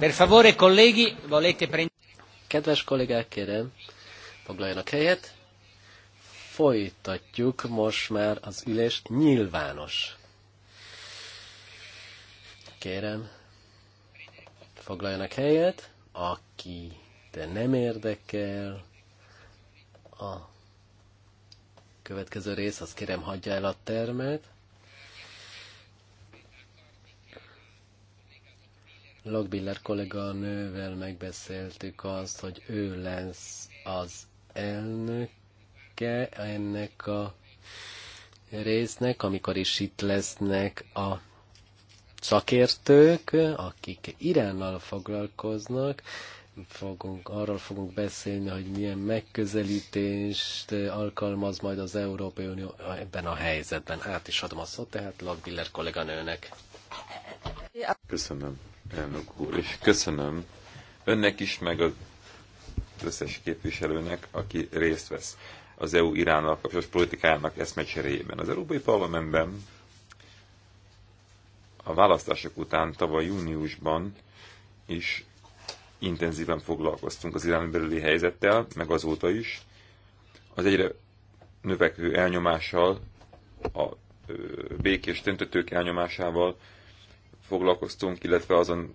Per favore, colleghi, volete prendere... Kedves kollégák, kérem, foglaljanak helyet. Folytatjuk most már az ülés nyilvános. Kérem, foglaljanak helyet, aki te nem érdekel, a következő rész, azt kérem hagyja el a termet. Logbiller nővel megbeszéltük azt, hogy ő lesz az elnöke ennek a résznek, amikor is itt lesznek a szakértők, akik Iránnal foglalkoznak, fogunk, arról fogunk beszélni, hogy milyen megközelítést alkalmaz majd az Európai Unió ebben a helyzetben. Át is adom a szót, tehát Lagbiller kolléganőnek. Köszönöm elnök úr, és köszönöm önnek is, meg az összes képviselőnek, aki részt vesz az EU irányal kapcsolatos politikájának eszmecseréjében. Az Európai Parlamentben a választások után tavaly júniusban is intenzíven foglalkoztunk az iráni belüli helyzettel, meg azóta is. Az egyre növekvő elnyomással, a békés töntetők elnyomásával, foglalkoztunk, illetve azon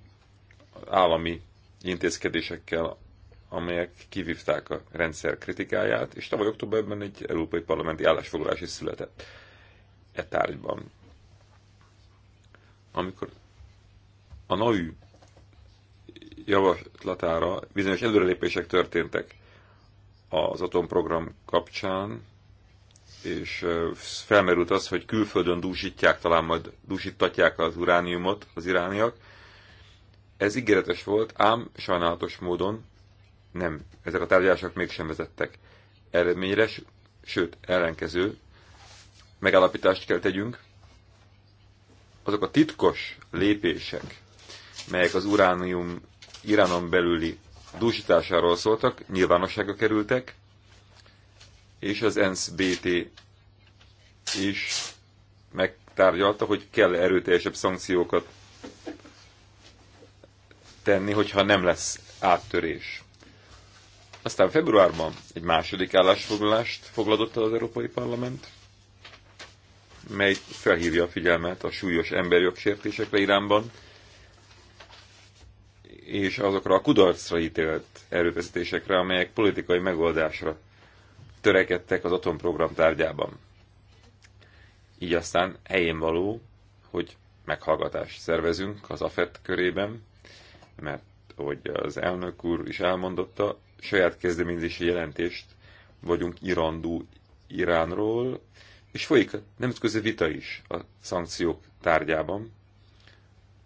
állami intézkedésekkel, amelyek kivívták a rendszer kritikáját, és tavaly októberben egy európai parlamenti állásfoglalás is született e tárgyban. Amikor a NAU javaslatára bizonyos előrelépések történtek az atomprogram kapcsán, és felmerült az, hogy külföldön dúsítják, talán majd dúsítatják az urániumot az irániak. Ez ígéretes volt, ám sajnálatos módon nem, ezek a tárgyalások mégsem vezettek eredményre, sőt, ellenkező megállapítást kell tegyünk. Azok a titkos lépések, melyek az uránium Iránon belüli dúsításáról szóltak, nyilvánosságra kerültek, és az ENSZ-BT is megtárgyalta, hogy kell erőteljesebb szankciókat tenni, hogyha nem lesz áttörés. Aztán februárban egy második állásfoglalást foglalott az Európai Parlament, mely felhívja a figyelmet a súlyos emberjogsértésekre Iránban, és azokra a kudarcra ítélt erőfeszítésekre, amelyek politikai megoldásra törekedtek az atomprogram tárgyában. Így aztán helyén való, hogy meghallgatást szervezünk az AFET körében, mert hogy az elnök úr is elmondotta, saját kezdeményezési jelentést vagyunk irandú Iránról, és folyik a nemzetközi vita is a szankciók tárgyában,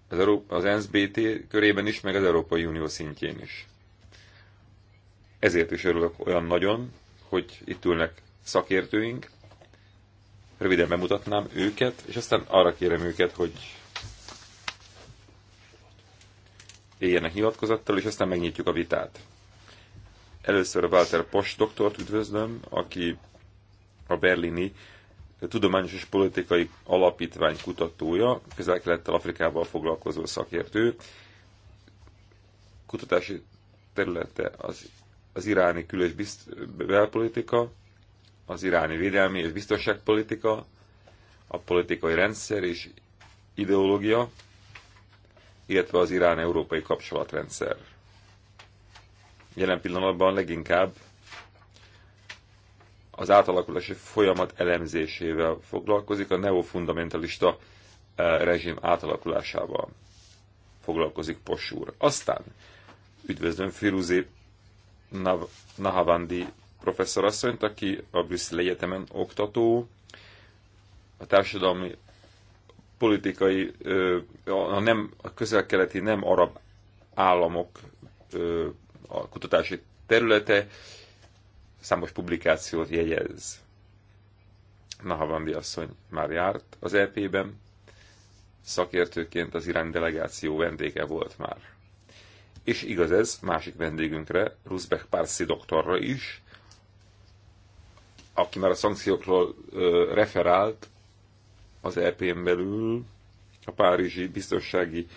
az, Európa, az NSBT körében is, meg az Európai Unió szintjén is. Ezért is örülök olyan nagyon, hogy itt ülnek szakértőink. Röviden bemutatnám őket, és aztán arra kérem őket, hogy éljenek hivatkozattal, és aztán megnyitjuk a vitát. Először a Walter Post doktort üdvözlöm, aki a berlini tudományos és politikai alapítvány kutatója, közel-kelettel Afrikával foglalkozó szakértő. Kutatási területe az az iráni kül- és bizt- belpolitika, az iráni védelmi és biztonságpolitika, a politikai rendszer és ideológia, illetve az irán-európai kapcsolatrendszer. Jelen pillanatban leginkább az átalakulási folyamat elemzésével foglalkozik, a neofundamentalista eh, rezsim átalakulásával foglalkozik Posúr. Aztán üdvözlöm Firuzét Nav- Nahavandi professzorasszonyt, aki a Brüsszeli Egyetemen oktató, a társadalmi politikai, a, nem, a közel-keleti nem arab államok a kutatási területe számos publikációt jegyez. Nahavandi asszony már járt az EP-ben, szakértőként az irány delegáció vendége volt már és igaz ez másik vendégünkre, Ruzbek Parsi doktorra is, aki már a szankciókról ö, referált az EP-n belül, a Párizsi Biztonsági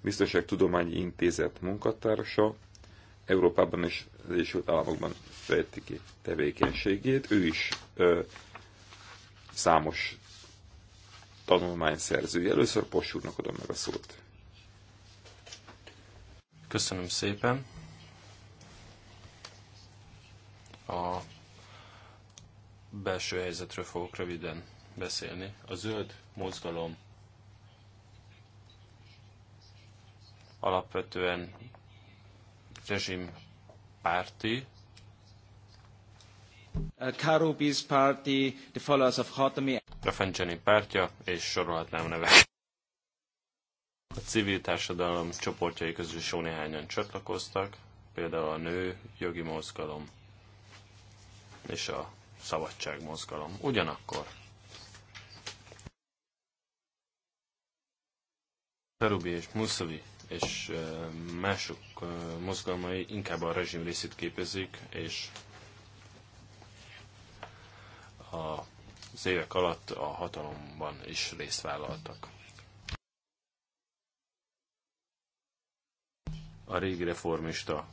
Biztonságtudományi Intézet munkatársa, Európában és az Egyesült Államokban fejti ki tevékenységét. Ő is ö, számos tanulmány szerzője. Először Possúrnak adom meg a szót. Köszönöm szépen. A belső helyzetről fogok röviden beszélni. A zöld mozgalom alapvetően rezsim párti. Uh, Karubis párti, the followers of Hatami. Rafencseni pártja, és sorolhatnám neveket. A civil társadalom csoportjai közül jó néhányan csatlakoztak, például a nő, jogi mozgalom és a szabadság mozgalom. Ugyanakkor Perubi és Muszovi és mások mozgalmai inkább a rezsim részét képezik, és az évek alatt a hatalomban is részt vállaltak. a régi reformista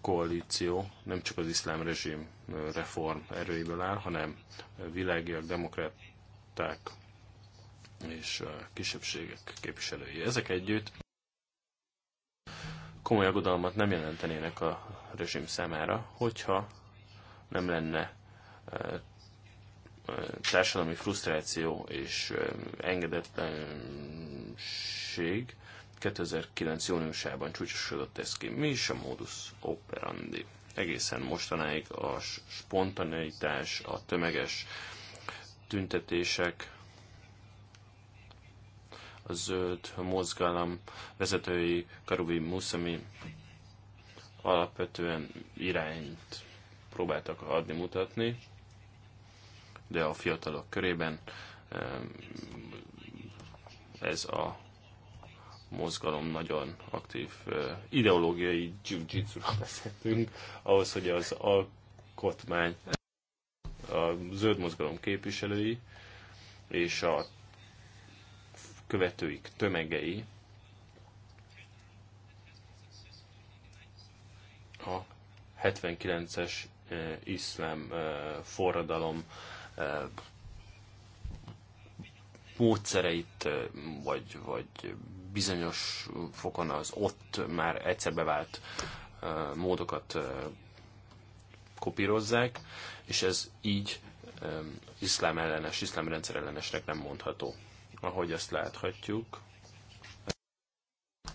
koalíció nem csak az iszlám rezsim reform erőiből áll, hanem világiak, demokraták és kisebbségek képviselői. Ezek együtt komoly aggodalmat nem jelentenének a rezsim számára, hogyha nem lenne társadalmi frusztráció és engedetlenség, 2009. júniusában csúcsosodott ez ki. Mi is a modus operandi? Egészen mostanáig a spontaneitás, a tömeges tüntetések, a zöld mozgalom vezetői Karubi Muszami alapvetően irányt próbáltak adni, mutatni, de a fiatalok körében ez a mozgalom nagyon aktív ideológiai jiu-jitsu-ra beszéltünk, ahhoz, hogy az alkotmány, a zöld mozgalom képviselői és a követőik tömegei a 79-es iszlám forradalom módszereit, vagy, vagy bizonyos fokon az ott már egyszer bevált módokat kopírozzák, és ez így iszlám ellenes, iszlám rendszer ellenesnek nem mondható. Ahogy azt láthatjuk,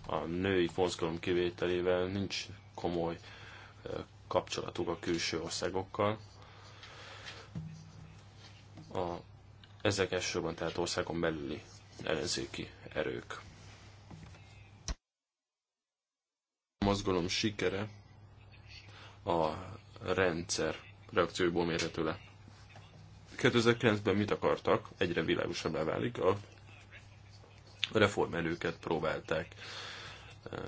a női mozgalom kivételével nincs komoly kapcsolatuk a külső országokkal. A, ezek elsősorban tehát országon belüli ellenzéki erők. mozgalom sikere a rendszer reakcióiból mérhető le. 2009-ben mit akartak, egyre világosabbá válik, a reformelőket próbálták eh,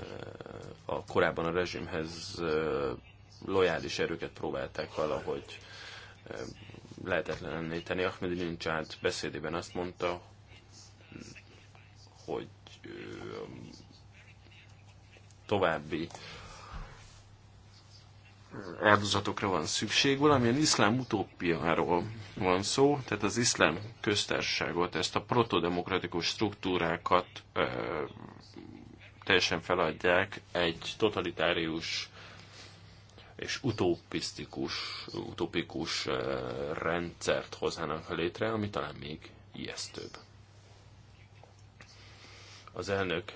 a korábban a rezsimhez eh, lojális erőket próbálták valahogy eh, lenni tenni. Ahmedinejad beszédében azt mondta, hogy további áldozatokra van szükség, valamilyen iszlám utópiáról van szó, tehát az iszlám köztársaságot, ezt a protodemokratikus struktúrákat ö, teljesen feladják egy totalitárius és utopisztikus, utopikus ö, rendszert hoznának létre, ami talán még ijesztőbb. Az elnök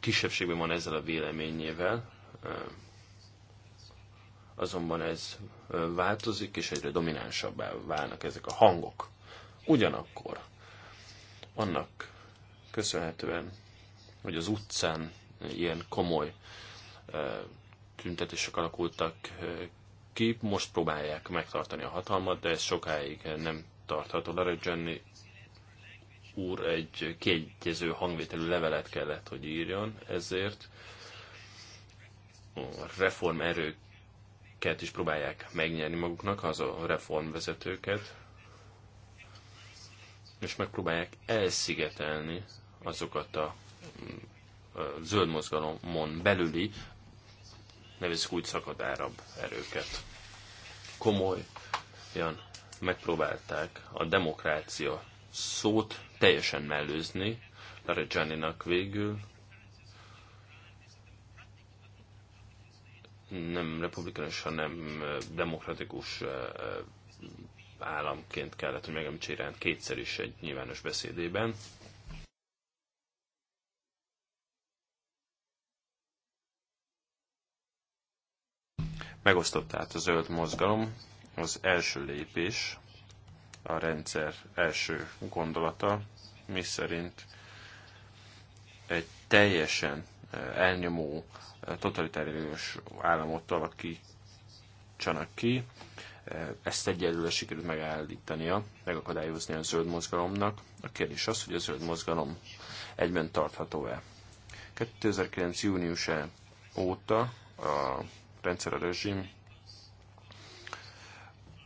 kisebbségben van ezzel a véleményével, azonban ez változik, és egyre dominánsabbá válnak ezek a hangok. Ugyanakkor annak köszönhetően, hogy az utcán ilyen komoly tüntetések alakultak ki, most próbálják megtartani a hatalmat, de ez sokáig nem tartható. Larry Jenny úr egy kiegyező hangvételű levelet kellett, hogy írjon, ezért a erőket is próbálják megnyerni maguknak, az a reformvezetőket, és megpróbálják elszigetelni azokat a zöld mozgalomon belüli, nevezzük úgy szakadárabb erőket. Komolyan megpróbálták a demokrácia szót teljesen mellőzni reggiani végül. Nem republikánus, hanem demokratikus államként kellett, hogy megemlítse Iránt kétszer is egy nyilvános beszédében. Megosztott át a zöld mozgalom. Az első lépés a rendszer első gondolata, mi szerint egy teljesen eh, elnyomó, eh, totalitárius államot alakítsanak ki. Eh, ezt egyelőre sikerült megállítania, megakadályozni a zöld mozgalomnak. A kérdés az, hogy a zöld mozgalom egyben tartható-e. 2009. június -e óta a rendszer a rezsim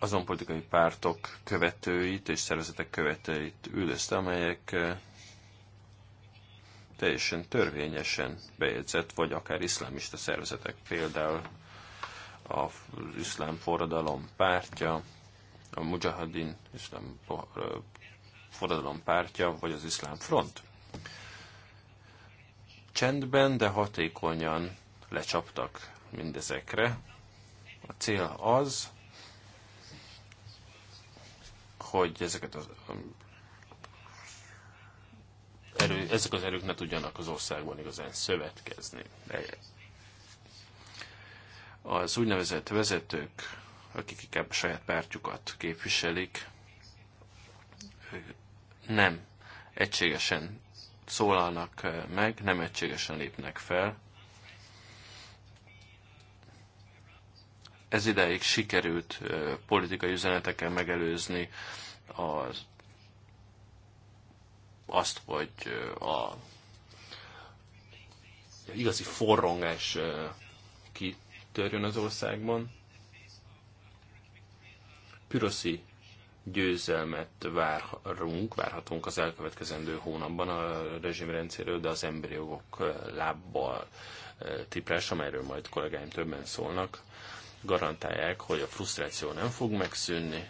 azon politikai pártok követőit és szervezetek követőit üldözte, amelyek eh, teljesen törvényesen bejegyzett, vagy akár iszlámista szervezetek, például az iszlám forradalom pártja, a Mujahedin iszlám eh, forradalom pártja, vagy az iszlám front. Csendben, de hatékonyan lecsaptak mindezekre. A cél az, hogy ezeket az um, erő, ezek az erők ne tudjanak az országban igazán szövetkezni. Az úgynevezett vezetők, akik inkább a saját pártjukat képviselik, nem egységesen szólalnak eh, meg, nem egységesen lépnek fel. Ez ideig sikerült eh, politikai üzeneteken megelőzni az, azt, hogy a igazi forrongás kitörjön az országban. Püroszi győzelmet várunk, várhatunk az elkövetkezendő hónapban a rezsimrendszerről, de az emberi jogok lábbal tiprás, amelyről majd kollégáim többen szólnak, garantálják, hogy a frusztráció nem fog megszűnni,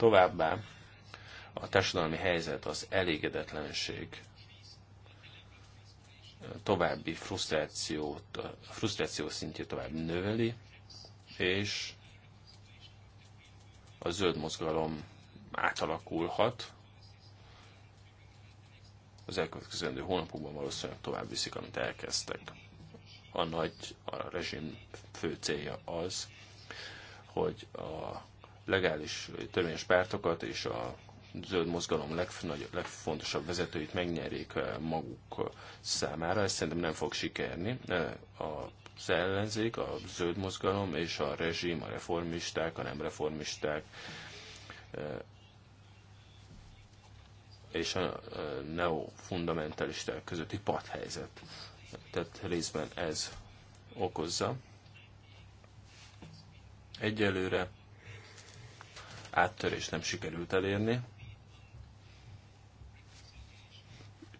Továbbá a társadalmi helyzet, az elégedetlenség további frusztrációt, a frusztráció szintjét tovább növeli, és a zöld mozgalom átalakulhat. Az elkövetkezendő hónapokban valószínűleg tovább viszik, amit elkezdtek. A nagy, a rezsim fő célja az, hogy a legális törvényes pártokat és a zöld mozgalom legnagy, legfontosabb vezetőit megnyerjék eh, maguk számára. Ez szerintem nem fog sikerni. Eh, a ellenzék, a zöld mozgalom és a rezsim, a reformisták, a nem reformisták eh, és a neofundamentalisták közötti padhelyzet. Tehát részben ez okozza. Egyelőre áttörés nem sikerült elérni.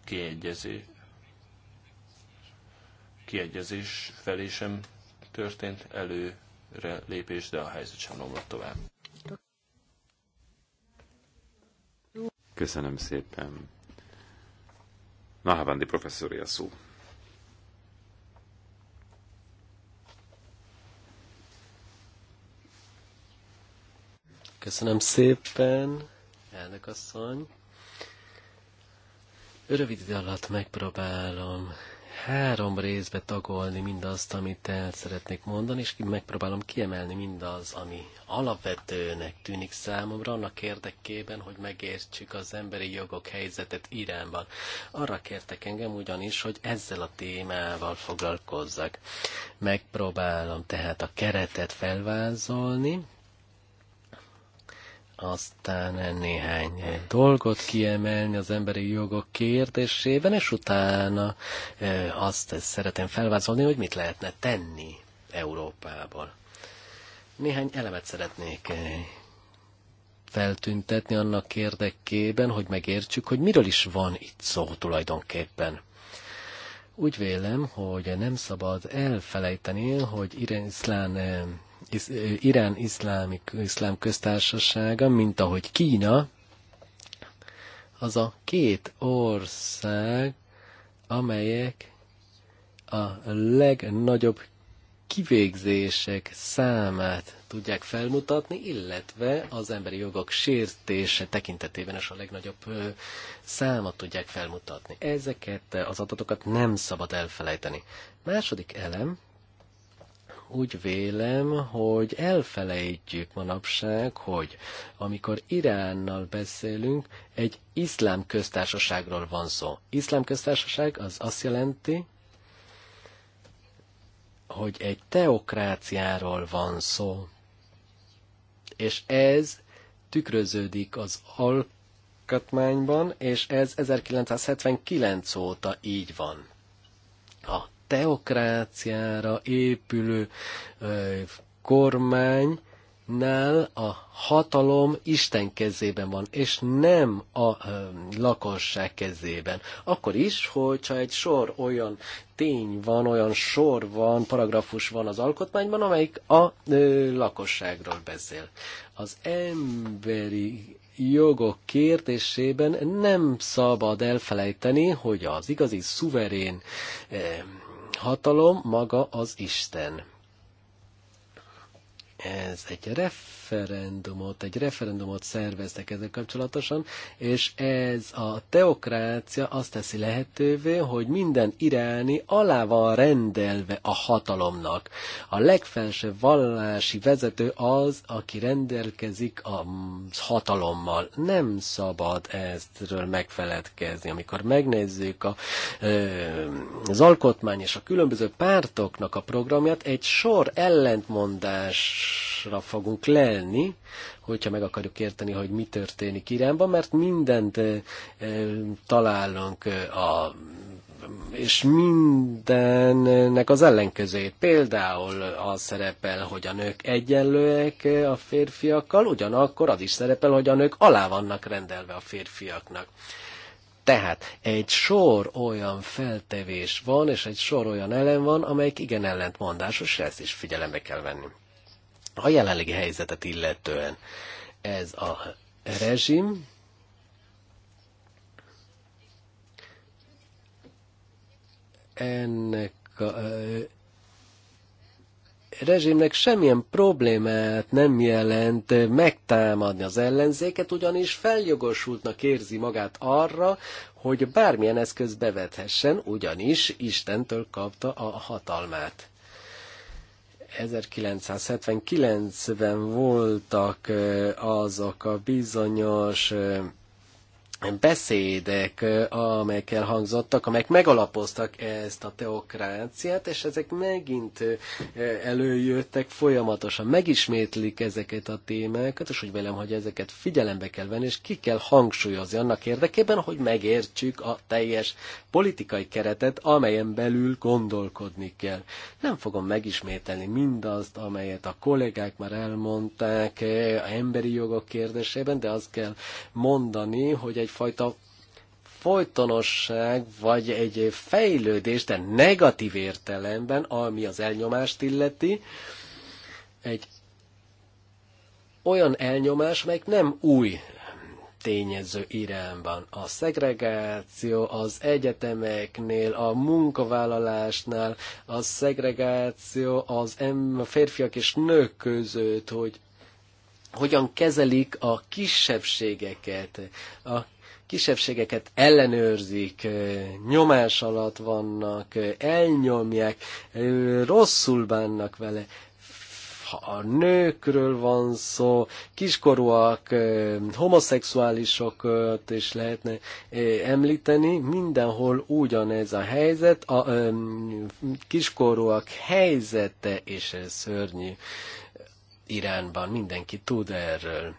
Kiegyezés, kiegyezés felé sem történt előre lépés, de a helyzet sem romlott tovább. Köszönöm szépen. Nahavandi professzori a szó. Köszönöm szépen, elnök asszony. Rövid idő alatt megpróbálom három részbe tagolni mindazt, amit el szeretnék mondani, és megpróbálom kiemelni mindaz, ami alapvetőnek tűnik számomra, annak érdekében, hogy megértsük az emberi jogok helyzetet Iránban. Arra kértek engem ugyanis, hogy ezzel a témával foglalkozzak. Megpróbálom tehát a keretet felvázolni, aztán néhány dolgot kiemelni az emberi jogok kérdésében, és utána azt szeretném felvázolni, hogy mit lehetne tenni Európából. Néhány elemet szeretnék feltüntetni annak érdekében, hogy megértsük, hogy miről is van itt szó tulajdonképpen úgy vélem, hogy nem szabad elfelejteni, hogy Irén Szlán Isz, Irán iszlámik, iszlám köztársasága, mint ahogy Kína, az a két ország, amelyek a legnagyobb kivégzések számát tudják felmutatni, illetve az emberi jogok sértése tekintetében is a legnagyobb számot tudják felmutatni. Ezeket az adatokat nem szabad elfelejteni. Második elem, úgy vélem, hogy elfelejtjük manapság, hogy amikor Iránnal beszélünk, egy iszlám köztársaságról van szó. Iszlám köztársaság az azt jelenti, hogy egy teokráciáról van szó. És ez tükröződik az alkotmányban, és ez 1979 óta így van. A teokráciára épülő kormánynál a hatalom Isten kezében van, és nem a lakosság kezében. Akkor is, hogyha egy sor olyan tény van, olyan sor van, paragrafus van az alkotmányban, amelyik a ö, lakosságról beszél. Az emberi jogok kérdésében nem szabad elfelejteni, hogy az igazi szuverén hatalom maga az Isten. Ez egy ref referendumot, egy referendumot szerveztek ezzel kapcsolatosan, és ez a teokrácia azt teszi lehetővé, hogy minden iráni alá van rendelve a hatalomnak. A legfelsőbb vallási vezető az, aki rendelkezik a hatalommal. Nem szabad eztről megfeledkezni. Amikor megnézzük a, az alkotmány és a különböző pártoknak a programját, egy sor ellentmondásra fogunk lenni élni, hogyha meg akarjuk érteni, hogy mi történik Iránban, mert mindent találunk a és mindennek az ellenkezőjét. Például az szerepel, hogy a nők egyenlőek a férfiakkal, ugyanakkor az is szerepel, hogy a nők alá vannak rendelve a férfiaknak. Tehát egy sor olyan feltevés van, és egy sor olyan elem van, amelyik igen ellentmondásos, és ezt is figyelembe kell venni. A jelenlegi helyzetet illetően ez a rezsim, ennek a rezsimnek semmilyen problémát nem jelent megtámadni az ellenzéket, ugyanis feljogosultnak érzi magát arra, hogy bármilyen eszköz bevethessen, ugyanis Istentől kapta a hatalmát. 1979-ben voltak azok a bizonyos beszédek, amelyek elhangzottak, amelyek megalapoztak ezt a teokráciát, és ezek megint előjöttek folyamatosan, megismétlik ezeket a témákat, és úgy velem, hogy ezeket figyelembe kell venni, és ki kell hangsúlyozni annak érdekében, hogy megértsük a teljes politikai keretet, amelyen belül gondolkodni kell. Nem fogom megismételni mindazt, amelyet a kollégák már elmondták a emberi jogok kérdésében, de azt kell mondani, hogy egy egyfajta folytonosság, vagy egy fejlődés, de negatív értelemben, ami az elnyomást illeti, egy olyan elnyomás, melyik nem új tényező irányban. A szegregáció az egyetemeknél, a munkavállalásnál, a szegregáció az em, a férfiak és nők között, hogy hogyan kezelik a kisebbségeket, a kisebbségeket ellenőrzik, nyomás alatt vannak, elnyomják, rosszul bánnak vele. Ha a nőkről van szó, kiskorúak, homoszexuálisokat is lehetne említeni, mindenhol ugyanez a helyzet, a kiskorúak helyzete, és ez szörnyű. Iránban mindenki tud erről.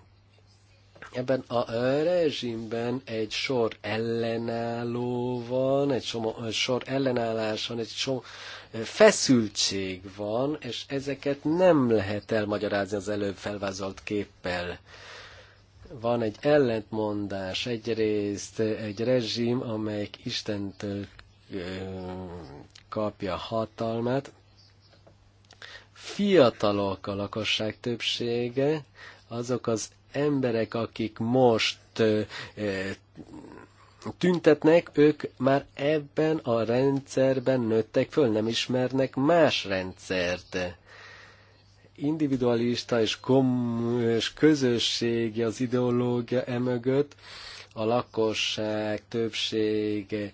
Ebben a rezsimben egy sor ellenálló van, egy sor, sor ellenállás van, egy sor feszültség van, és ezeket nem lehet elmagyarázni az előbb felvázolt képpel van egy ellentmondás, egyrészt egy rezsim, amelyik Istentől kapja hatalmát, fiatalok a lakosság többsége, azok az emberek, akik most tüntetnek, ők már ebben a rendszerben nőttek föl, nem ismernek más rendszert individualista és, kom- és közösségi az ideológia emögött, a lakosság többség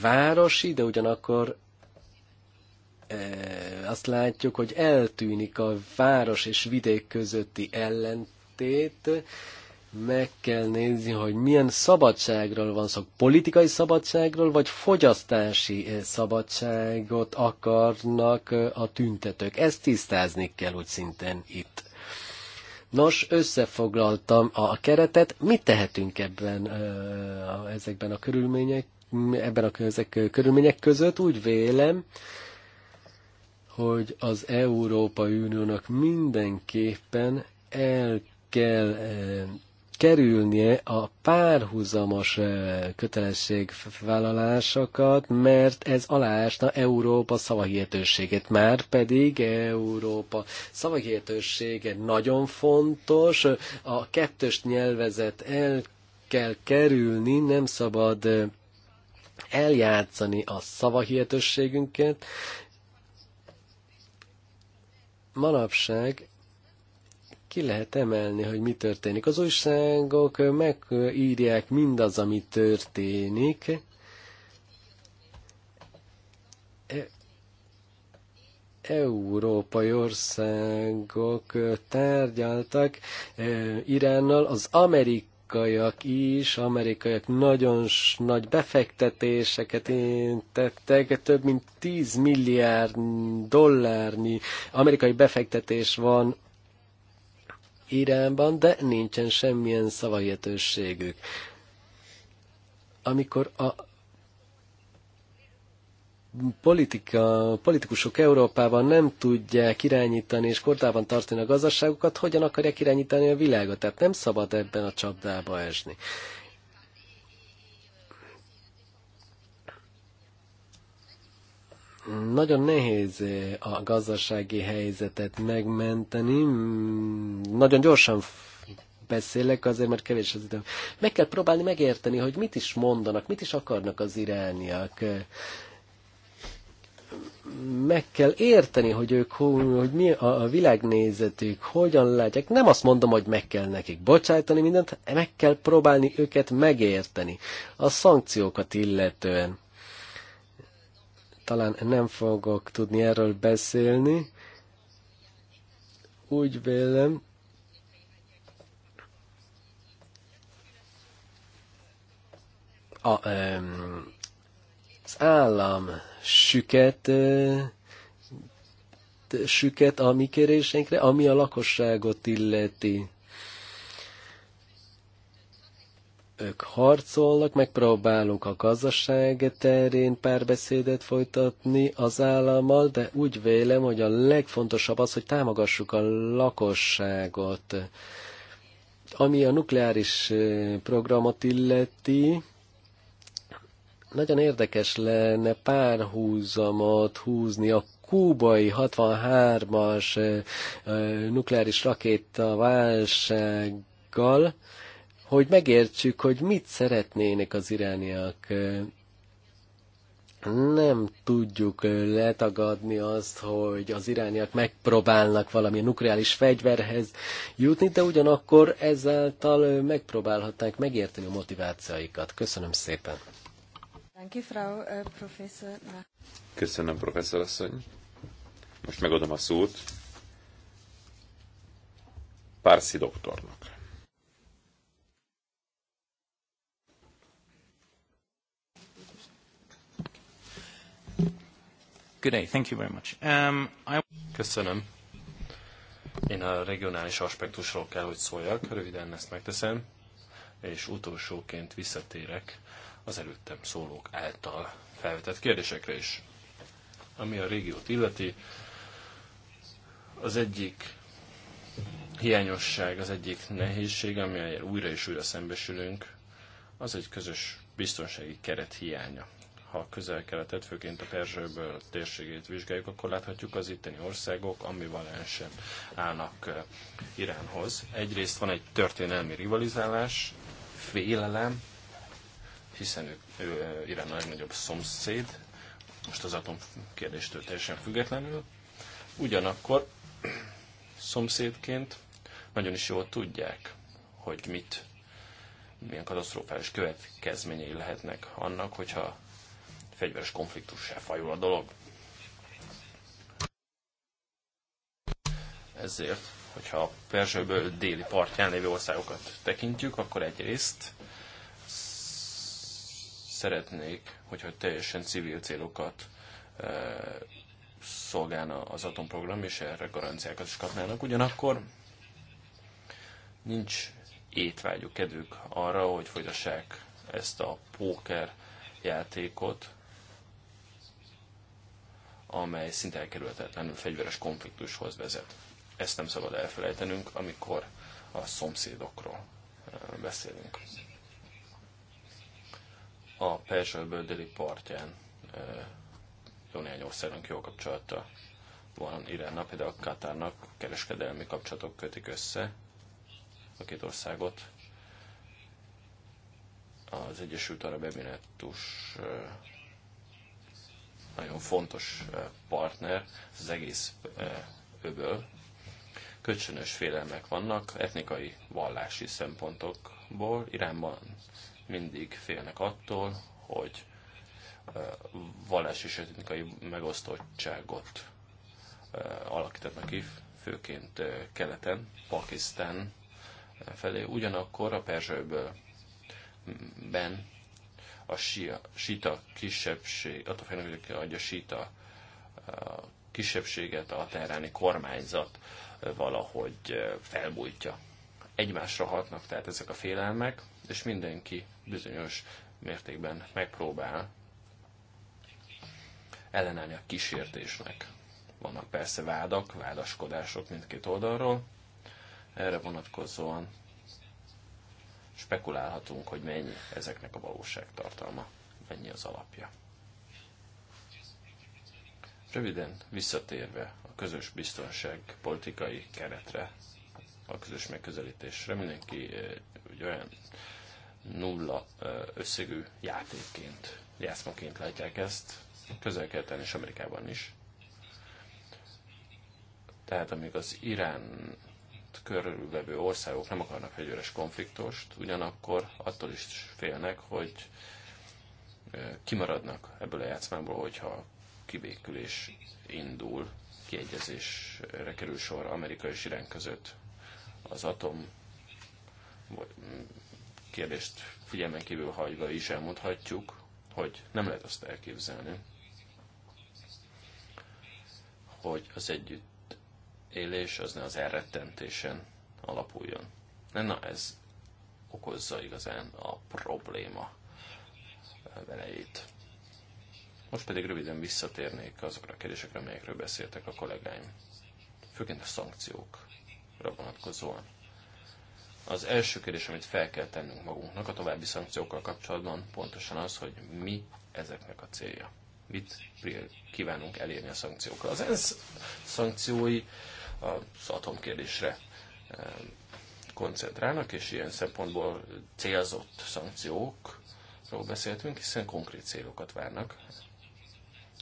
városi, de ugyanakkor azt látjuk, hogy eltűnik a város és vidék közötti ellen, életét, meg kell nézni, hogy milyen szabadságról van szó, politikai szabadságról, vagy fogyasztási eh, szabadságot akarnak eh, a tüntetők. Ezt tisztázni kell úgy szinten itt. Nos, összefoglaltam a keretet, mit tehetünk ebben, eh, ezekben a körülmények, ebben a ezek körülmények között? Úgy vélem, hogy az Európai Uniónak mindenképpen el kell eh, kerülnie a párhuzamos eh, kötelességvállalásokat, mert ez aláásna Európa szavahihetőségét. Már pedig Európa szavahihetősége nagyon fontos, a kettős nyelvezet el kell kerülni, nem szabad eh, eljátszani a szavahihetőségünket. Manapság ki lehet emelni, hogy mi történik. Az újságok megírják mindaz, ami történik. E európai országok tárgyaltak e, Iránnal, az amerikai amerikaiak is, amerikaiak nagyon nagy befektetéseket tettek, több mint 10 milliárd dollárnyi amerikai befektetés van Iránban, de nincsen semmilyen szavahihetőségük. Amikor a politika, politikusok Európában nem tudják irányítani és kordában tartani a gazdaságukat, hogyan akarják irányítani a világot. Tehát nem szabad ebben a csapdába esni. nagyon nehéz eh, a gazdasági helyzetet megmenteni. Mm, nagyon gyorsan beszélek, azért mert kevés az időm. Meg kell próbálni megérteni, hogy mit is mondanak, mit is akarnak az irániak. Meg kell érteni, hogy ők, hogy mi a világnézetük, hogyan látják. Nem azt mondom, hogy meg kell nekik bocsájtani mindent, meg kell próbálni őket megérteni. A szankciókat illetően talán nem fogok tudni erről beszélni. Úgy vélem, a, az állam süket, süket a mi kérésénkre, ami a lakosságot illeti. ők harcolnak, megpróbálunk a gazdaság terén párbeszédet folytatni az állammal, de úgy vélem, hogy a legfontosabb az, hogy támogassuk a lakosságot. Ami a nukleáris programot illeti, nagyon érdekes lenne párhúzamot húzni a kúbai 63-as nukleáris rakéta válsággal, hogy megértsük, hogy mit szeretnének az irániak. Nem tudjuk letagadni azt, hogy az irániak megpróbálnak valami nukleáris fegyverhez jutni, de ugyanakkor ezáltal megpróbálhatnánk megérteni a motivációikat. Köszönöm szépen! Uh, Köszönöm, professzor asszony. Most megadom a szót Pársi doktornak. Um, Köszönöm. Én a regionális aspektusról kell, hogy szóljak, röviden ezt megteszem, és utolsóként visszatérek az előttem szólók által felvetett kérdésekre is. Ami a régiót illeti, az egyik hiányosság, az egyik nehézség, amivel újra és újra szembesülünk, az egy közös biztonsági keret hiánya ha a közel-keletet, főként a Perzsőből térségét vizsgáljuk, akkor láthatjuk az itteni országok ambivalensen állnak eh, Iránhoz. Egyrészt van egy történelmi rivalizálás, félelem, hiszen ő, ő eh, Irán a legnagyobb szomszéd, most az atom kérdéstől teljesen függetlenül. Ugyanakkor szomszédként nagyon is jól tudják, hogy mit, milyen katasztrofális következményei lehetnek annak, hogyha fegyveres konfliktussá fajul a dolog. Ezért, hogyha a Perzsőből déli partján lévő országokat tekintjük, akkor egyrészt szeretnék, hogyha teljesen civil célokat e, szolgálna az atomprogram, és erre garanciákat is kapnának. Ugyanakkor nincs étvágyuk, kedvük arra, hogy folytassák ezt a póker játékot, amely szinte elkerülhetetlenül fegyveres konfliktushoz vezet. Ezt nem szabad elfelejtenünk, amikor a szomszédokról beszélünk. A Perzsa déli partján jó néhány országnak jó kapcsolata van Iránnak, például Katárnak kereskedelmi kapcsolatok kötik össze a két országot. Az Egyesült Arab Emirátus nagyon fontos partner az egész öböl. Kölcsönös félelmek vannak etnikai, vallási szempontokból. Iránban mindig félnek attól, hogy vallási és etnikai megosztottságot alakítanak ki, főként keleten, Pakisztán felé. Ugyanakkor a Perzsőből ben a sia, sita kisebbség, attól függően, hogy a sita a kisebbséget a teheráni kormányzat e, valahogy e, felbújtja. Egymásra hatnak tehát ezek a félelmek, és mindenki bizonyos mértékben megpróbál ellenállni a kísértésnek. Vannak persze vádak, vádaskodások mindkét oldalról, erre vonatkozóan spekulálhatunk, hogy mennyi ezeknek a valóság tartalma, mennyi az alapja. Röviden visszatérve a közös biztonság politikai keretre, a közös megközelítésre, mindenki egy olyan nulla összegű játékként, játszmaként látják ezt, közel-keleten és Amerikában is. Tehát amíg az Irán körülvevő országok nem akarnak fegyveres konfliktust, ugyanakkor attól is félnek, hogy kimaradnak ebből a játszmából, hogyha kibékülés indul, kiegyezésre kerül sor Amerika és Irán között az atom mm, kérdést figyelmen kívül hagyva is elmondhatjuk, hogy nem lehet azt elképzelni, hogy az együtt élés az ne az elrettentésen alapuljon. Na ez okozza igazán a probléma velejét. Most pedig röviden visszatérnék azokra a kérdésekre, amelyekről beszéltek a kollégáim. Főként a szankciókra vonatkozóan. Az első kérdés, amit fel kell tennünk magunknak a további szankciókkal kapcsolatban, pontosan az, hogy mi ezeknek a célja. Mit kívánunk elérni a szankciókkal. Az ENSZ szankciói az atomkérdésre eh, koncentrálnak, és ilyen szempontból célzott szankciókról beszéltünk, hiszen konkrét célokat várnak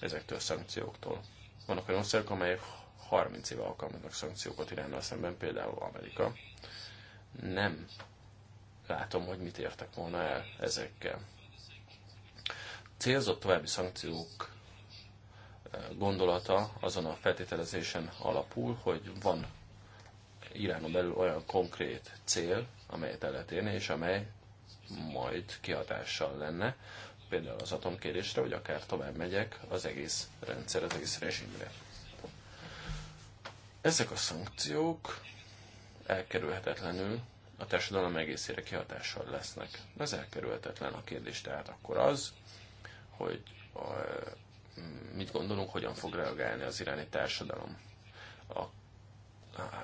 ezektől a szankcióktól. Vannak olyan országok, amelyek 30 éve alkalmaznak szankciókat Iránnal szemben, például Amerika. Nem látom, hogy mit értek volna el ezekkel. Célzott további szankciók gondolata azon a feltételezésen alapul, hogy van Iránon belül olyan konkrét cél, amelyet el lehet érni, és amely majd kihatással lenne, például az atomkérésre, hogy akár tovább megyek az egész rendszer, az egész rezsimre. Ezek a szankciók elkerülhetetlenül a társadalom egészére kihatással lesznek. Ez elkerülhetetlen a kérdés, tehát akkor az, hogy mit gondolunk, hogyan fog reagálni az iráni társadalom. A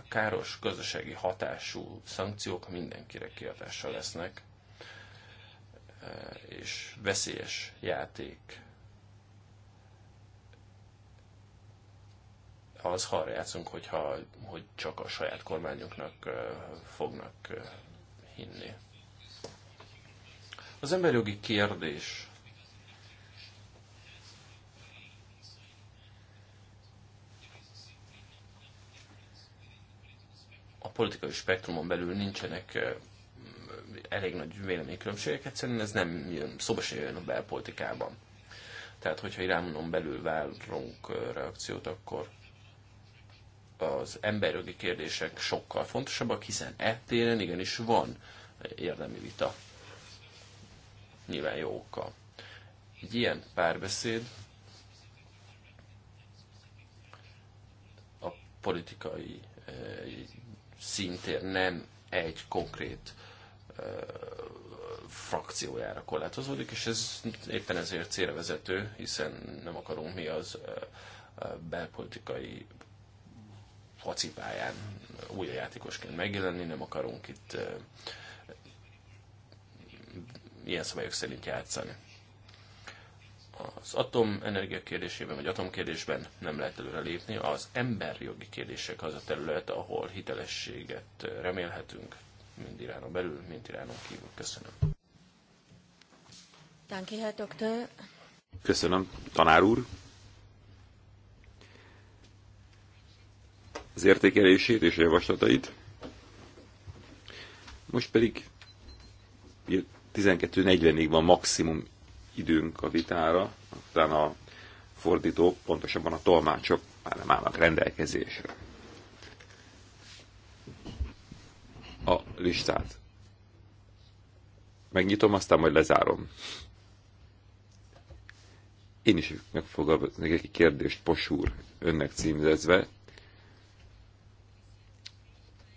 káros közösségi hatású szankciók mindenkire kihatással lesznek, eh, és veszélyes játék az arra játszunk, hogyha, hogy csak a saját kormányunknak eh, fognak eh, hinni. Az emberjogi kérdés politikai spektrumon belül nincsenek elég nagy véleménykülönbségek, egyszerűen ez nem jön, szóba sem jön a belpolitikában. Tehát, hogyha Iránon belül várunk reakciót, akkor az emberjogi kérdések sokkal fontosabbak, hiszen e téren igenis van érdemi vita. Nyilván jó oka. Egy ilyen párbeszéd a politikai szintén nem egy konkrét frakciójára korlátozódik, és ez éppen ezért célvezető, hiszen nem akarunk mi az belpolitikai facipáján új játékosként megjelenni, nem akarunk itt ilyen szabályok szerint játszani az atomenergia kérdésében, vagy atomkérdésben nem lehet előrelépni, az emberjogi kérdések az a terület, ahol hitelességet remélhetünk, mind Iránon belül, mind Iránon kívül. Köszönöm. Köszönöm, tanár úr. Az értékelését és a javaslatait. Most pedig 12.40-ig van maximum időnk a vitára, utána a fordítók, pontosabban a tolmácsok már nem állnak rendelkezésre. A listát. Megnyitom, aztán majd lezárom. Én is megfogalmaznék egy kérdést, posúr, önnek címzezve.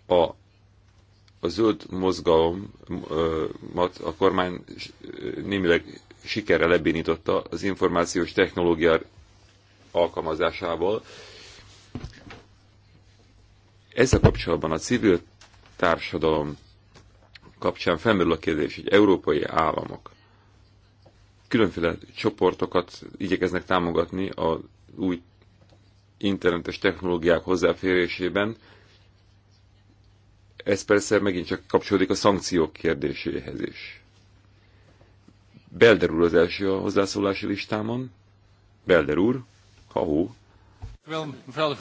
A a zöld mozgalmat a kormány némileg sikerre lebénította az információs technológia alkalmazásával. Ezzel kapcsolatban a civil társadalom kapcsán felmerül a kérdés, hogy európai államok különféle csoportokat igyekeznek támogatni az új internetes technológiák hozzáférésében, ez persze megint csak kapcsolódik a szankciók kérdéséhez is. Belder úr az első a hozzászólási listámon. Belder úr, hahó. Eh,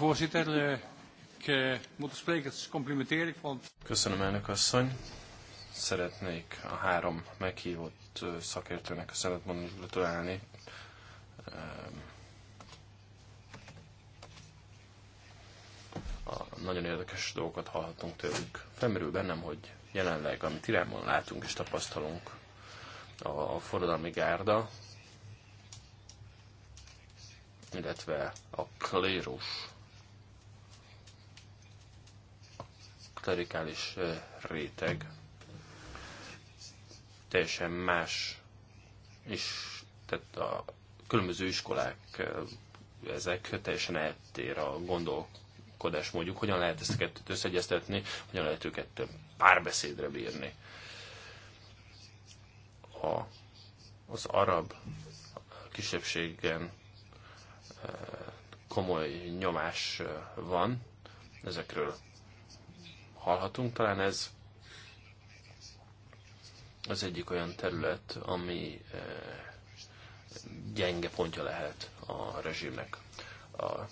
eh, Köszönöm, elnök asszony. Szeretnék a három meghívott eh, szakértőnek a szeretmondatot mondani, Um, a nagyon érdekes dolgokat hallhatunk tőlük. Felmerül bennem, hogy jelenleg, amit irányban látunk és tapasztalunk, a forradalmi gárda, illetve a klérus, a klerikális réteg teljesen más, és tehát a különböző iskolák ezek teljesen eltér a gondolkodás mondjuk, hogyan lehet ezt a kettőt összeegyeztetni, hogyan lehet őket párbeszédre bírni. A, az arab kisebbségen e, komoly nyomás e, van, ezekről hallhatunk, talán ez az egyik olyan terület, ami e, gyenge pontja lehet a rezsimnek. A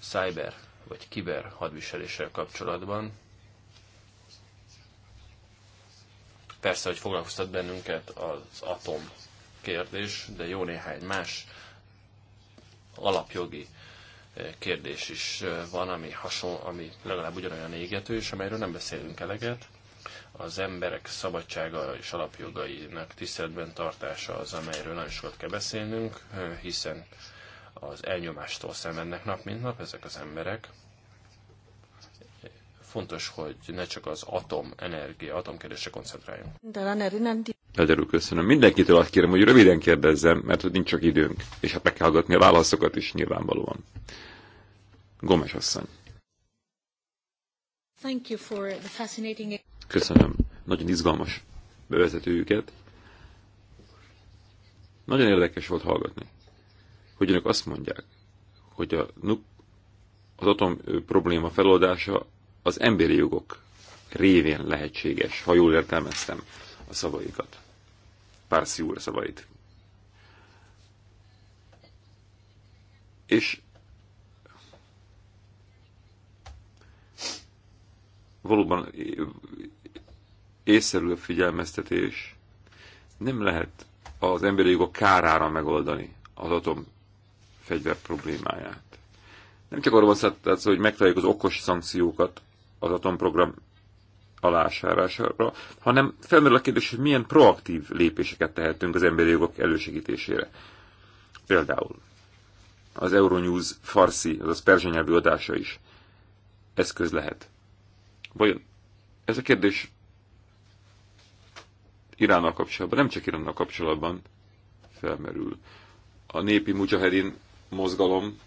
cyber vagy kiber hadviseléssel kapcsolatban. Persze, hogy foglalkoztat bennünket az atom kérdés, de jó néhány más alapjogi eh, kérdés is eh, van, ami, hasonló, ami legalább ugyanolyan égető, és amelyről nem beszélünk eleget. Az emberek szabadsága és alapjogainak tiszteletben tartása az, amelyről nagyon sokat kell beszélnünk, eh, hiszen az elnyomástól szemennek nap mint nap ezek az emberek. Fontos, hogy ne csak az atomenergia, atomkérdésre koncentráljunk. Nagyon köszönöm. Mindenkitől azt kérem, hogy röviden kérdezzem, mert hogy nincs csak időnk, és hát meg kell hallgatni a válaszokat is nyilvánvalóan. Gomes asszony. Thank you for the fascinating... Köszönöm. Nagyon izgalmas bevezetőjüket. Nagyon érdekes volt hallgatni hogy önök azt mondják, hogy a, az atom probléma feloldása az emberi jogok révén lehetséges, ha jól értelmeztem a szavaikat. Párszi úr szavait. És valóban észszerű a figyelmeztetés, nem lehet az emberi jogok kárára megoldani az atom fegyver problémáját. Nem csak arról van szó, hogy megtaláljuk az okos szankciókat az atomprogram alásárására, hanem felmerül a kérdés, hogy milyen proaktív lépéseket tehetünk az emberi jogok elősegítésére. Például az Euronews farsi, azaz perzsa nyelvű adása is eszköz lehet. Vajon ez a kérdés Iránnal kapcsolatban, nem csak Iránnal kapcsolatban felmerül. A népi mujahedin mozgalom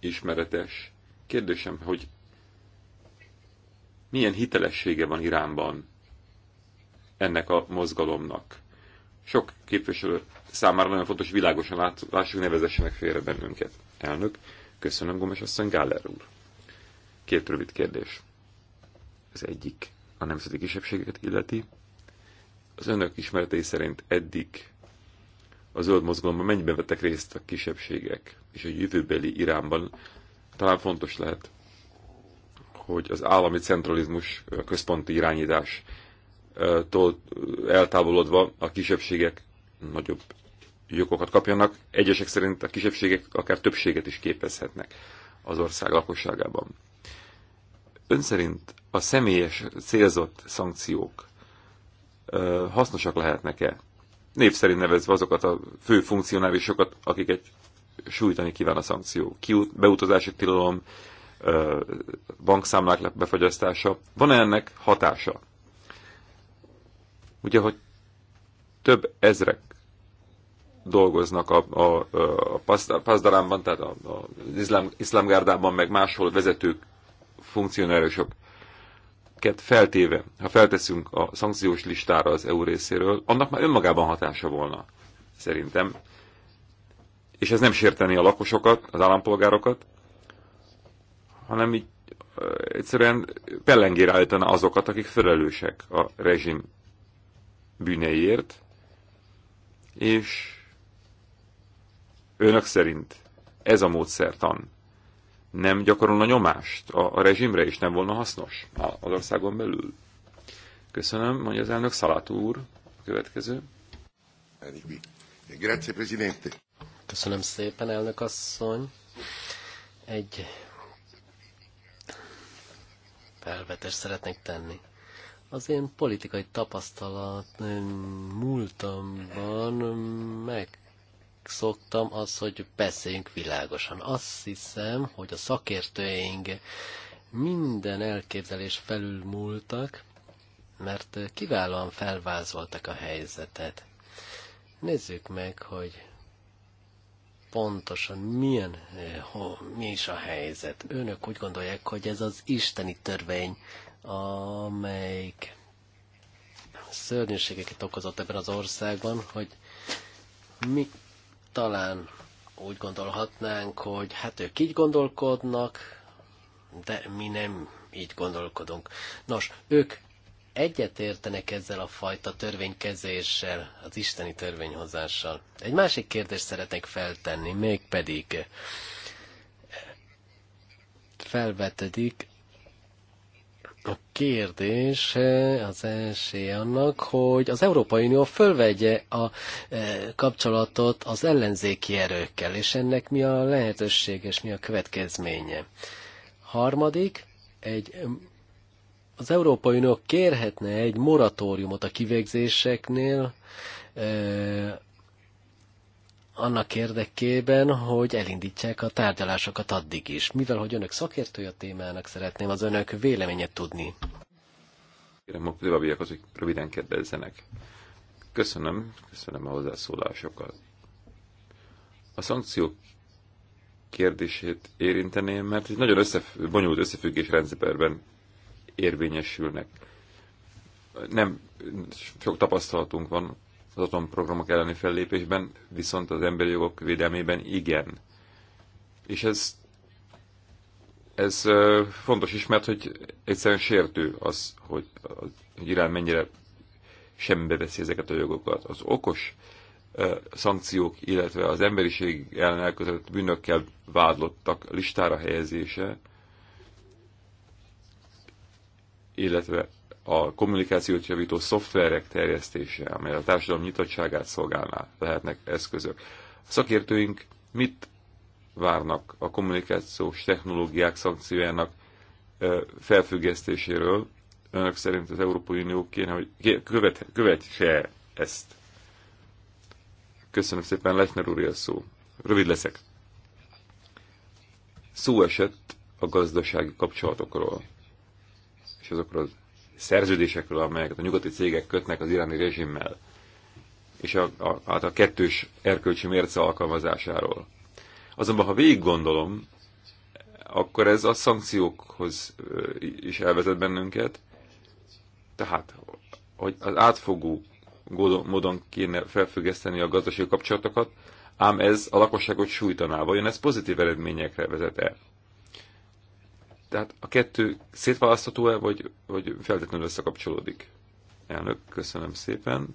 ismeretes. Kérdésem, hogy milyen hitelessége van Iránban ennek a mozgalomnak? Sok képviselő számára nagyon fontos világosan lássuk, nevezessenek félre bennünket. Elnök, köszönöm Gomes asszony Gáller úr. Két rövid kérdés. Az egyik a nemzeti kisebbségeket illeti. Az önök ismeretei szerint eddig a zöld mozgalomban mennyiben vettek részt a kisebbségek, és a jövőbeli Iránban talán fontos lehet, hogy az állami centralizmus, a központi irányítás eltávolodva a kisebbségek nagyobb jogokat kapjanak. Egyesek szerint a kisebbségek akár többséget is képezhetnek az ország lakosságában. Ön szerint a személyes célzott szankciók hasznosak lehetnek-e név szerint nevezve azokat a fő funkcionálisokat, akiket sújtani kíván a szankció. Kiut, beutazási tilalom, bankszámlák befagyasztása. Van-e ennek hatása? Ugye, hogy több ezrek dolgoznak a, a, a Pazdarámban, tehát az iszlám, iszlámgárdában, meg máshol vezetők, funkcionárosok feltéve, ha felteszünk a szankciós listára az EU részéről, annak már önmagában hatása volna, szerintem. És ez nem sérteni a lakosokat, az állampolgárokat, hanem így egyszerűen pellengére állítana azokat, akik felelősek a rezsim bűneiért, és önök szerint ez a módszertan nem gyakorolna nyomást a, a rezsimre, és nem volna hasznos az országon belül. Köszönöm, mondja az elnök Szalátú úr. A következő. Köszönöm szépen, elnök asszony. Egy felvetést szeretnék tenni. Az én politikai tapasztalat múltamban meg megszoktam, az, hogy beszéljünk világosan. Azt hiszem, hogy a szakértőink minden elképzelés felül múltak, mert kiválóan felvázoltak a helyzetet. Nézzük meg, hogy pontosan milyen, ho, mi is a helyzet. Önök úgy gondolják, hogy ez az isteni törvény, amelyik szörnyűségeket okozott ebben az országban, hogy mi talán úgy gondolhatnánk, hogy hát ők így gondolkodnak, de mi nem így gondolkodunk. Nos, ők egyetértenek ezzel a fajta törvénykezéssel, az isteni törvényhozással. Egy másik kérdést szeretnék feltenni, mégpedig felvetedik a kérdés az első annak, hogy az Európai Unió fölvegye a e, kapcsolatot az ellenzéki erőkkel, és ennek mi a lehetőség és mi a következménye. Harmadik, egy, az Európai Unió kérhetne egy moratóriumot a kivégzéseknél, e, annak érdekében, hogy elindítsák a tárgyalásokat addig is. Mivel, hogy önök szakértői a témának, szeretném az önök véleményet tudni. Kérem a továbbiakhoz, hogy röviden kérdezzenek. Köszönöm, köszönöm a hozzászólásokat. A szankciók kérdését érinteném, mert egy nagyon összef- bonyolult összefüggés rendszerben érvényesülnek. Nem sok tapasztalatunk van az atomprogramok elleni fellépésben, viszont az emberi jogok védelmében igen. És ez, ez fontos is, mert hogy egyszerűen sértő az, hogy, hogy Irán mennyire semmibe veszi ezeket a jogokat. Az okos szankciók, illetve az emberiség ellen elkövetett bűnökkel vádlottak listára helyezése, illetve a kommunikációt javító szoftverek terjesztése, amely a társadalom nyitottságát szolgálná, lehetnek eszközök. A szakértőink mit várnak a kommunikációs technológiák szankciójának felfüggesztéséről? Önök szerint az Európai Unió kéne, hogy követ, követse ezt. Köszönöm szépen, Lechner úr, a szó. Rövid leszek. Szó esett a gazdasági kapcsolatokról, és azokról az szerződésekről, amelyeket a nyugati cégek kötnek az iráni rezsimmel, és a, a, hát a kettős erkölcsi mérce alkalmazásáról. Azonban, ha végig gondolom, akkor ez a szankciókhoz is elvezet bennünket, tehát, hogy az átfogó módon kéne felfüggeszteni a gazdasági kapcsolatokat, ám ez a lakosságot sújtaná. Vajon ez pozitív eredményekre vezet-e? Tehát a kettő szétválasztható-e, vagy, vagy feltétlenül összekapcsolódik? Elnök, köszönöm szépen.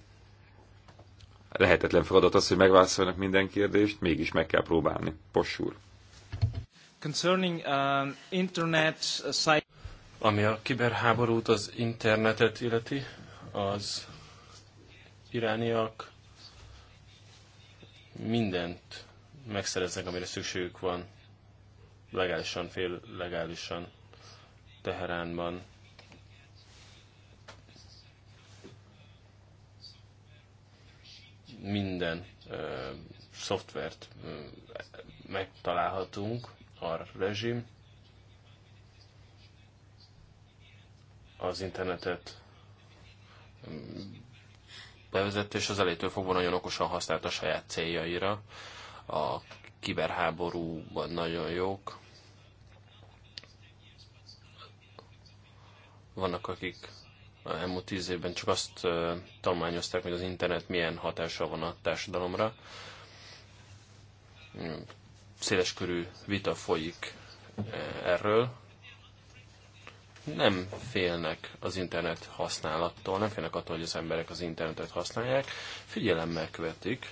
Lehetetlen feladat az, hogy megválaszoljanak minden kérdést, mégis meg kell próbálni. Possúr. Concerning uh, internet uh, site. Ami a kiberháborút, az internetet illeti, az irániak mindent megszereznek, amire szükségük van legálisan, fél legálisan Teheránban. Minden ö, szoftvert ö, megtalálhatunk, a rezsim az internetet bevezett, és az elétől fogva nagyon okosan használta a saját céljaira. A kiberháborúban nagyon jók, Vannak, akik elmúlt tíz évben csak azt tanulmányozták, hogy az internet milyen hatással van a társadalomra. Széleskörű vita folyik erről. Nem félnek az internet használattól, nem félnek attól, hogy az emberek az internetet használják, figyelemmel követik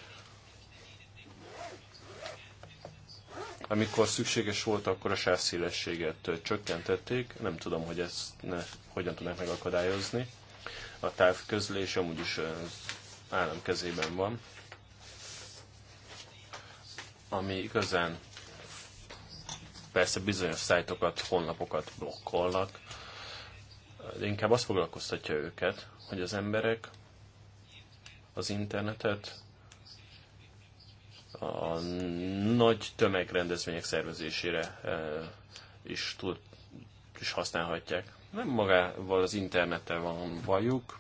Amikor szükséges volt, akkor a sávszélességet csökkentették. Nem tudom, hogy ezt ne, hogyan tudnak megakadályozni. A távközlés amúgy is állam kezében van. Ami igazán persze bizonyos szájtokat, honlapokat blokkolnak, de inkább azt foglalkoztatja őket, hogy az emberek az internetet a nagy tömegrendezvények szervezésére eh, is, tud, is használhatják. Nem magával az internettel van bajuk.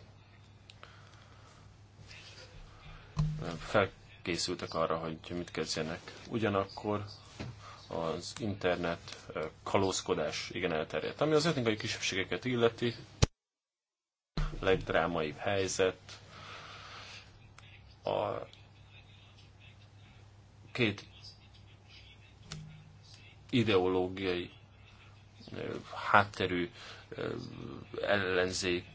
Felkészültek arra, hogy mit kezdjenek. Ugyanakkor az internet eh, kalózkodás igen elterjedt. Ami az etnikai kisebbségeket illeti, legdrámaibb helyzet, a két ideológiai hátterű ellenzék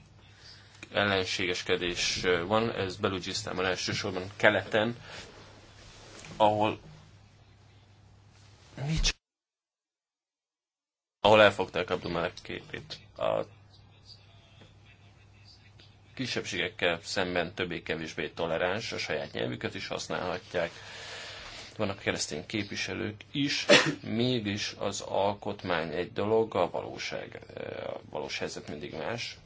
ellenségeskedés van, ez Belugisztánban elsősorban keleten, ahol nincs ahol elfogták Abdumelek képét. A kisebbségekkel szemben többé-kevésbé toleráns, a saját nyelvüket is használhatják, vannak keresztény képviselők is, mégis az alkotmány egy dolog, a valóság, eh, a valós helyzet mindig más.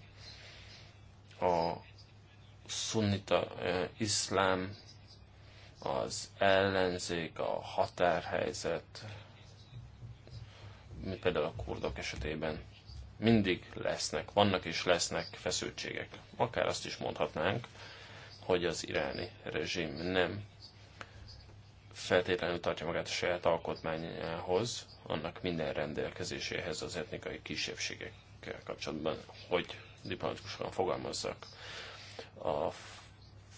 A szunnita eh, iszlám, az ellenzék, a határhelyzet, mint például a kurdok esetében mindig lesznek, vannak és lesznek feszültségek. Akár azt is mondhatnánk, hogy az iráni rezsim nem feltétlenül tartja magát a saját alkotmányához, annak minden rendelkezéséhez az etnikai kisebbségekkel kapcsolatban, hogy diplomatikusan fogalmazzak. A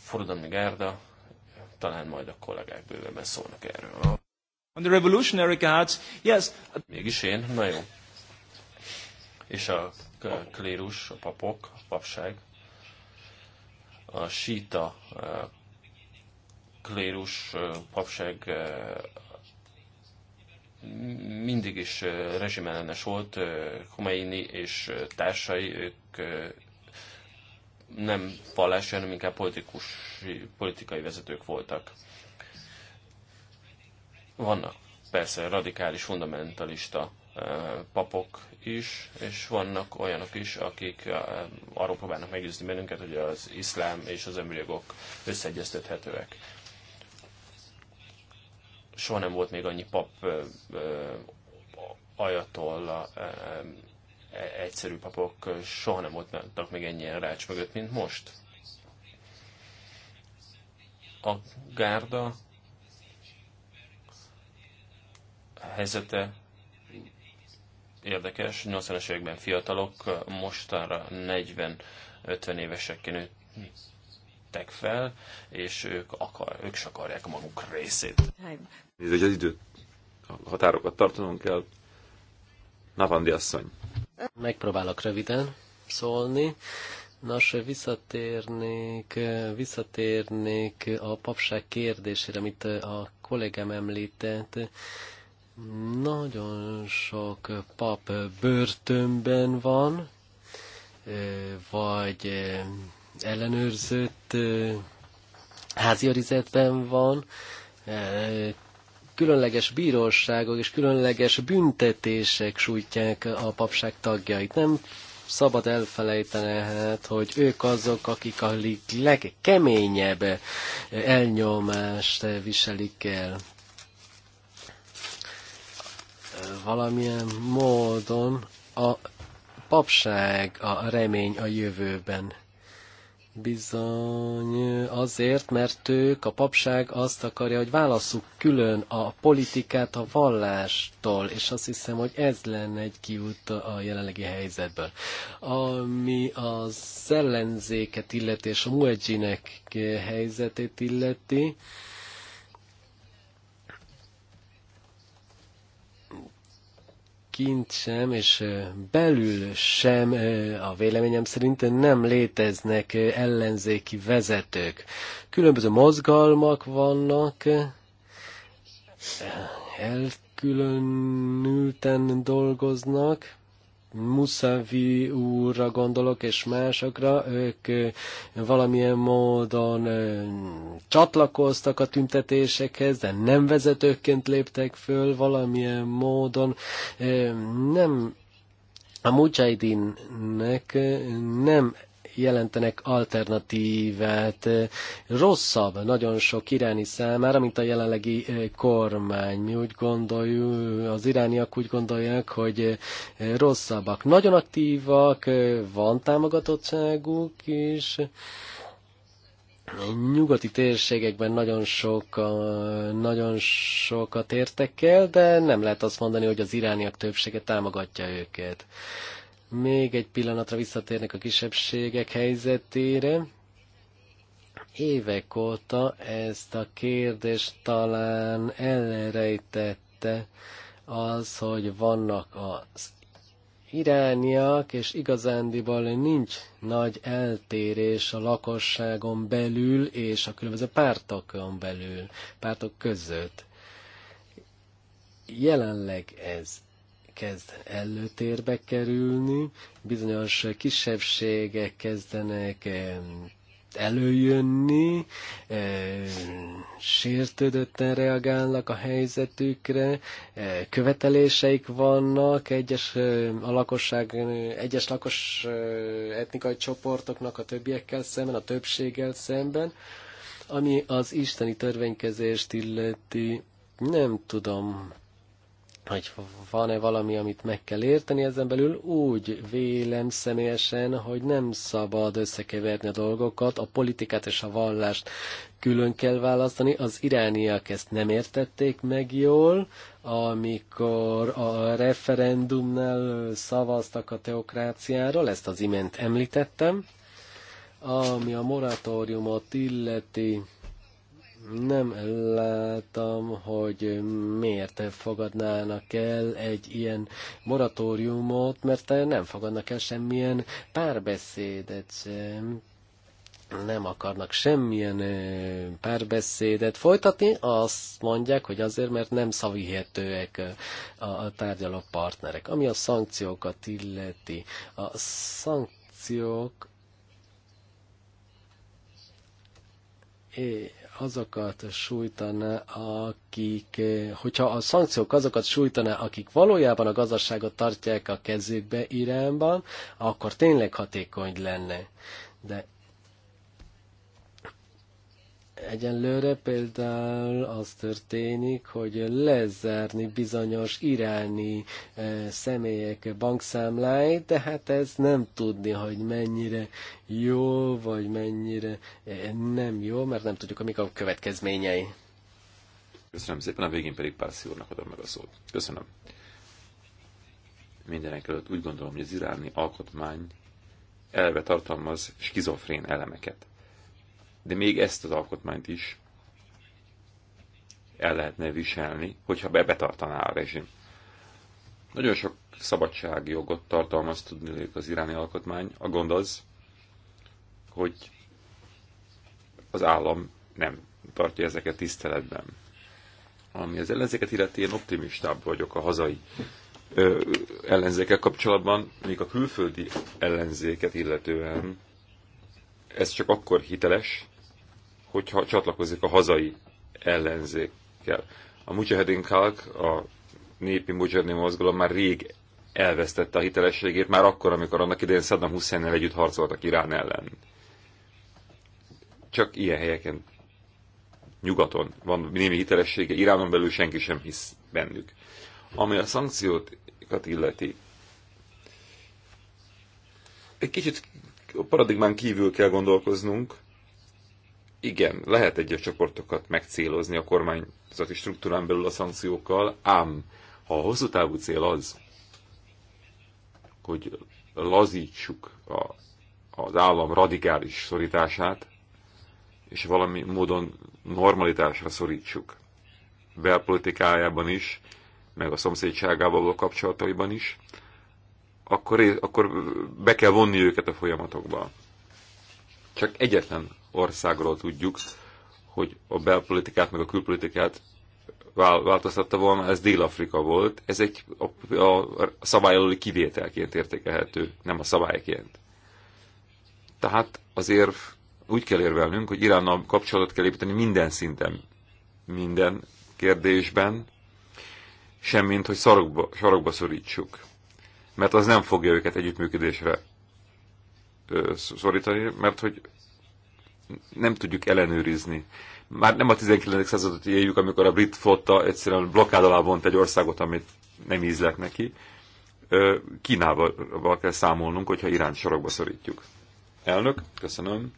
forradalmi gárda, talán majd a kollégák bővebben szólnak erről. On the Revolutionary Guards, yes. Mégis én, na jó. És a klérus, a papok, a papság, a síta klérus, papság mindig is rezsimellenes volt, Khomeini és társai, ők nem vallási, hanem inkább politikus, politikai vezetők voltak. Vannak persze radikális, fundamentalista papok is, és vannak olyanok is, akik arról próbálnak meggyőzni bennünket, hogy az iszlám és az emberi jogok összeegyeztethetőek soha nem volt még annyi pap ajatolla, e, egyszerű papok, soha nem voltak még ennyien rács mögött, mint most. A gárda helyzete érdekes, 80 es években fiatalok, mostanra 40-50 évesek vettek fel, és ők, akar, ők se akarják maguk részét. Nézd, hogy az időt, a határokat tartanunk kell. Navandi asszony. Megpróbálok röviden szólni. Nos, visszatérnék, visszatérnék a papság kérdésére, amit a kollégám említett. Nagyon sok pap börtönben van, vagy ellenőrzött házi őrizetben van, különleges bíróságok és különleges büntetések sújtják a papság tagjait. Nem szabad elfelejteni, hát, hogy ők azok, akik a legkeményebb elnyomást viselik el. Valamilyen módon a papság a remény a jövőben. Bizony azért, mert ők, a papság azt akarja, hogy válasszuk külön a politikát a vallástól, és azt hiszem, hogy ez lenne egy kiút a jelenlegi helyzetből. Ami az ellenzéket illeti, és a muedzsinek helyzetét illeti, kint sem, és belül sem, a véleményem szerint nem léteznek ellenzéki vezetők. Különböző mozgalmak vannak, elkülönülten dolgoznak, Muszavi úrra gondolok, és másokra, ők valamilyen módon csatlakoztak a tüntetésekhez, de nem vezetőként léptek föl, valamilyen módon nem a mujahidinnek nem jelentenek alternatívát rosszabb nagyon sok iráni számára, mint a jelenlegi eh, kormány. Mi úgy gondoljuk, az irániak úgy gondolják, hogy eh, rosszabbak. Nagyon aktívak, eh, van támogatottságuk is, nyugati térségekben nagyon, sok, nagyon sokat értek el, de nem lehet azt mondani, hogy az irániak többsége támogatja őket. Még egy pillanatra visszatérnek a kisebbségek helyzetére. Évek óta ezt a kérdést talán elrejtette az, hogy vannak az irániak, és igazándiból nincs nagy eltérés a lakosságon belül és a különböző pártokon belül, pártok között. Jelenleg ez kezd előtérbe kerülni, bizonyos kisebbségek kezdenek előjönni, sértődötten reagálnak a helyzetükre, követeléseik vannak egyes a lakosság, egyes lakos etnikai csoportoknak a többiekkel szemben, a többséggel szemben, ami az isteni törvénykezést illeti, nem tudom, hogy van-e valami, amit meg kell érteni ezen belül, úgy vélem személyesen, hogy nem szabad összekeverni a dolgokat, a politikát és a vallást külön kell választani. Az irániak ezt nem értették meg jól, amikor a referendumnál szavaztak a teokráciáról, ezt az imént említettem, ami a moratóriumot illeti nem látom, hogy miért fogadnának el egy ilyen moratóriumot, mert nem fogadnak el semmilyen párbeszédet sem, nem akarnak semmilyen párbeszédet folytatni, azt mondják, hogy azért, mert nem szavihetőek a tárgyaló partnerek. Ami a szankciókat illeti, a szankciók É, azokat sújtaná, akik, hogyha a szankciók azokat sújtaná, akik valójában a gazdaságot tartják a kezükbe Iránban, akkor tényleg hatékony lenne. De Egyenlőre például az történik, hogy lezárni bizonyos iráni eh, személyek bankszámláit, de hát ez nem tudni, hogy mennyire jó, vagy mennyire eh, nem jó, mert nem tudjuk, amik a következményei. Köszönöm szépen, a végén pedig Pászi úrnak adom meg a szót. Köszönöm. Mindenek előtt úgy gondolom, hogy az iráni alkotmány elve tartalmaz skizofrén elemeket de még ezt az alkotmányt is el lehetne viselni, hogyha be a rezsim. Nagyon sok szabadságjogot tartalmaz tudni az iráni alkotmány. A gond az, hogy az állam nem tartja ezeket tiszteletben. Ami az ellenzéket illeti, én optimistább vagyok a hazai ö, ellenzékek kapcsolatban, míg a külföldi ellenzéket illetően ez csak akkor hiteles, hogyha csatlakozik a hazai ellenzékkel. A Mujahedin Kalk, a népi Mujahedin mozgalom már rég elvesztette a hitelességét, már akkor, amikor annak idején Saddam hussein együtt harcoltak Irán ellen. Csak ilyen helyeken nyugaton van némi hitelessége, Iránon belül senki sem hisz bennük. Ami a szankciókat illeti, egy kicsit a paradigmán kívül kell gondolkoznunk, igen, lehet egyes csoportokat megcélozni a kormányzati struktúrán belül a szankciókkal, ám ha a hosszú távú cél az, hogy lazítsuk a, az állam radikális szorítását, és valami módon normalitásra szorítsuk. Belpolitikájában is, meg a szomszédságával való kapcsolataiban is, akkor, akkor be kell vonni őket a folyamatokba. Csak egyetlen országról tudjuk, hogy a belpolitikát meg a külpolitikát változtatta volna, ez Dél-Afrika volt. Ez egy a, a szabály aluli kivételként értékelhető, nem a szabályként. Tehát azért úgy kell érvelnünk, hogy Iránnal kapcsolatot kell építeni minden szinten, minden kérdésben, semmint, hogy sarokba, sarokba szorítsuk. Mert az nem fogja őket együttműködésre szorítani, mert hogy nem tudjuk ellenőrizni. Már nem a 19. századot éljük, amikor a brit flotta egyszerűen blokkád alá vont egy országot, amit nem ízlek neki. Kínával kell számolnunk, hogyha Irán sorokba szorítjuk. Elnök, köszönöm.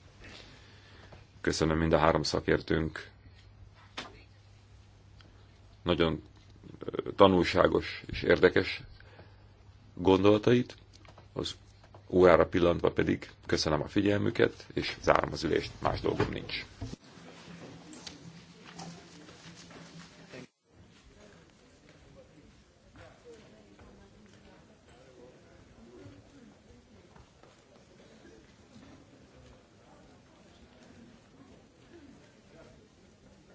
Köszönöm mind a három szakértőnk. Nagyon tanulságos és érdekes gondolatait. Az órára pillantva pedig köszönöm a figyelmüket, és zárom az ülést, más dolgom nincs.